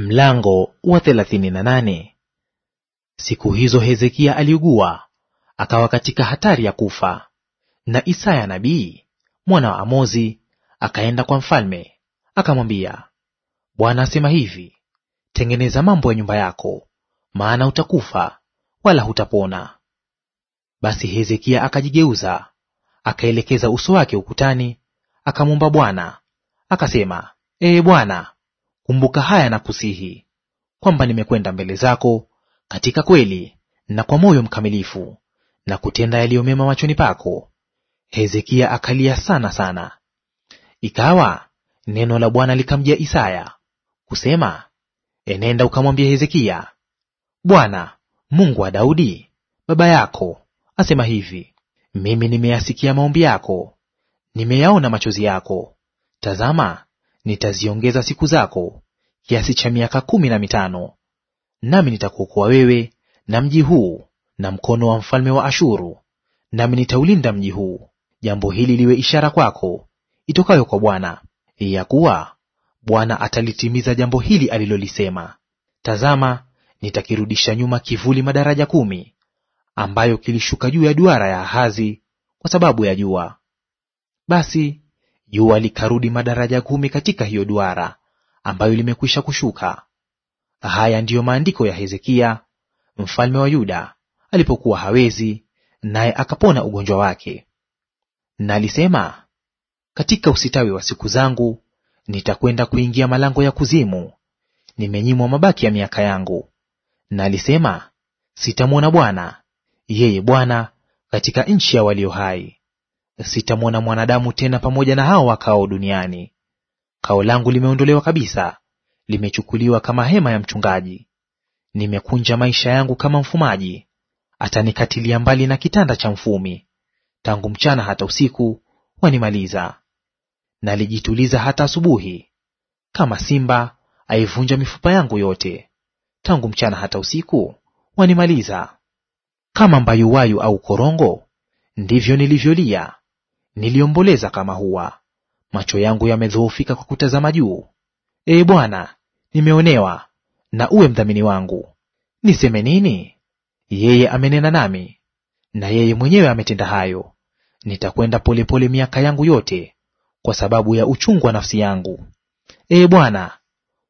Mlango wa thelathini na nane. Siku hizo Hezekia aliugua akawa katika hatari ya kufa. Na Isaya nabii mwana wa Amozi akaenda kwa mfalme akamwambia, Bwana asema hivi, tengeneza mambo ya nyumba yako, maana utakufa wala hutapona. Basi Hezekia akajigeuza akaelekeza uso wake ukutani, akamwomba Bwana akasema, Ee Bwana, kumbuka haya na kusihi, kwamba nimekwenda mbele zako katika kweli na kwa moyo mkamilifu, na kutenda yaliyo mema machoni pako. Hezekia akalia sana sana. Ikawa neno la Bwana likamjia Isaya kusema, enenda ukamwambia Hezekia, Bwana Mungu wa Daudi baba yako asema hivi, mimi nimeyasikia maombi yako, nimeyaona machozi yako. Tazama, nitaziongeza siku zako kiasi cha miaka kumi na mitano, nami nitakuokoa wewe na mji huu na mkono wa mfalme wa Ashuru, nami nitaulinda mji huu. Jambo hili liwe ishara kwako itokayo kwa Bwana, ya kuwa Bwana atalitimiza jambo hili alilolisema. Tazama, nitakirudisha nyuma kivuli madaraja kumi ambayo kilishuka juu ya duara ya Ahazi kwa sababu ya jua. Basi jua likarudi madaraja kumi katika hiyo duara, ambayo limekwisha kushuka. Haya ndiyo maandiko ya Hezekia mfalme wa Yuda alipokuwa hawezi, naye akapona ugonjwa wake. Nalisema, katika usitawi wa siku zangu nitakwenda kuingia malango ya kuzimu, nimenyimwa mabaki ya miaka yangu. Nalisema, sitamwona Bwana, yeye Bwana katika nchi ya walio hai, sitamwona mwanadamu tena pamoja na hao wakao duniani. Kao langu limeondolewa kabisa, limechukuliwa kama hema ya mchungaji. Nimekunja maisha yangu kama mfumaji, atanikatilia mbali na kitanda cha mfumi. Tangu mchana hata usiku wanimaliza. Nalijituliza hata asubuhi, kama simba aivunja mifupa yangu yote. Tangu mchana hata usiku wanimaliza. Kama mbayuwayu au korongo, ndivyo nilivyolia, niliomboleza kama hua. Macho yangu yamedhoofika kwa kutazama juu. Ee Bwana, nimeonewa, na uwe mdhamini wangu. Niseme nini? Yeye amenena nami, na yeye mwenyewe ametenda hayo. Nitakwenda polepole miaka yangu yote kwa sababu ya uchungu wa nafsi yangu. Ee Bwana,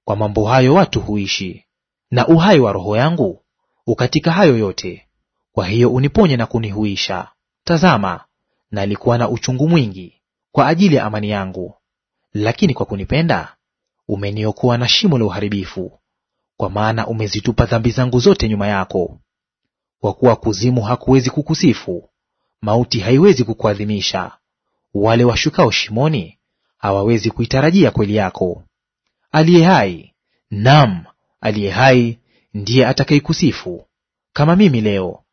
kwa mambo hayo watu huishi, na uhai wa roho yangu ukatika hayo yote. Kwa hiyo uniponye na kunihuisha. Tazama, nalikuwa na uchungu mwingi kwa ajili ya amani yangu, lakini kwa kunipenda umeniokoa na shimo la uharibifu, kwa maana umezitupa dhambi zangu zote nyuma yako. Kwa kuwa kuzimu hakuwezi kukusifu, mauti haiwezi kukuadhimisha, wale washukao shimoni hawawezi kuitarajia kweli yako. Aliye hai, nam aliye hai ndiye atakayekusifu kama mimi leo.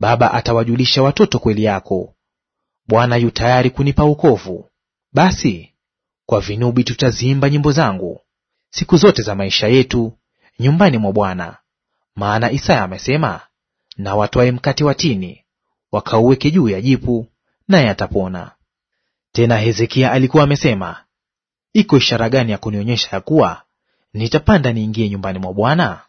Baba atawajulisha watoto kweli yako. Bwana yu tayari kunipa wokovu, basi kwa vinubi tutaziimba nyimbo zangu siku zote za maisha yetu nyumbani mwa Bwana. Maana Isaya amesema, na watwae mkate wa tini wakauweke juu ya jipu, naye atapona. Tena Hezekia alikuwa amesema, iko ishara gani ya kunionyesha ya kuwa nitapanda niingie nyumbani mwa Bwana?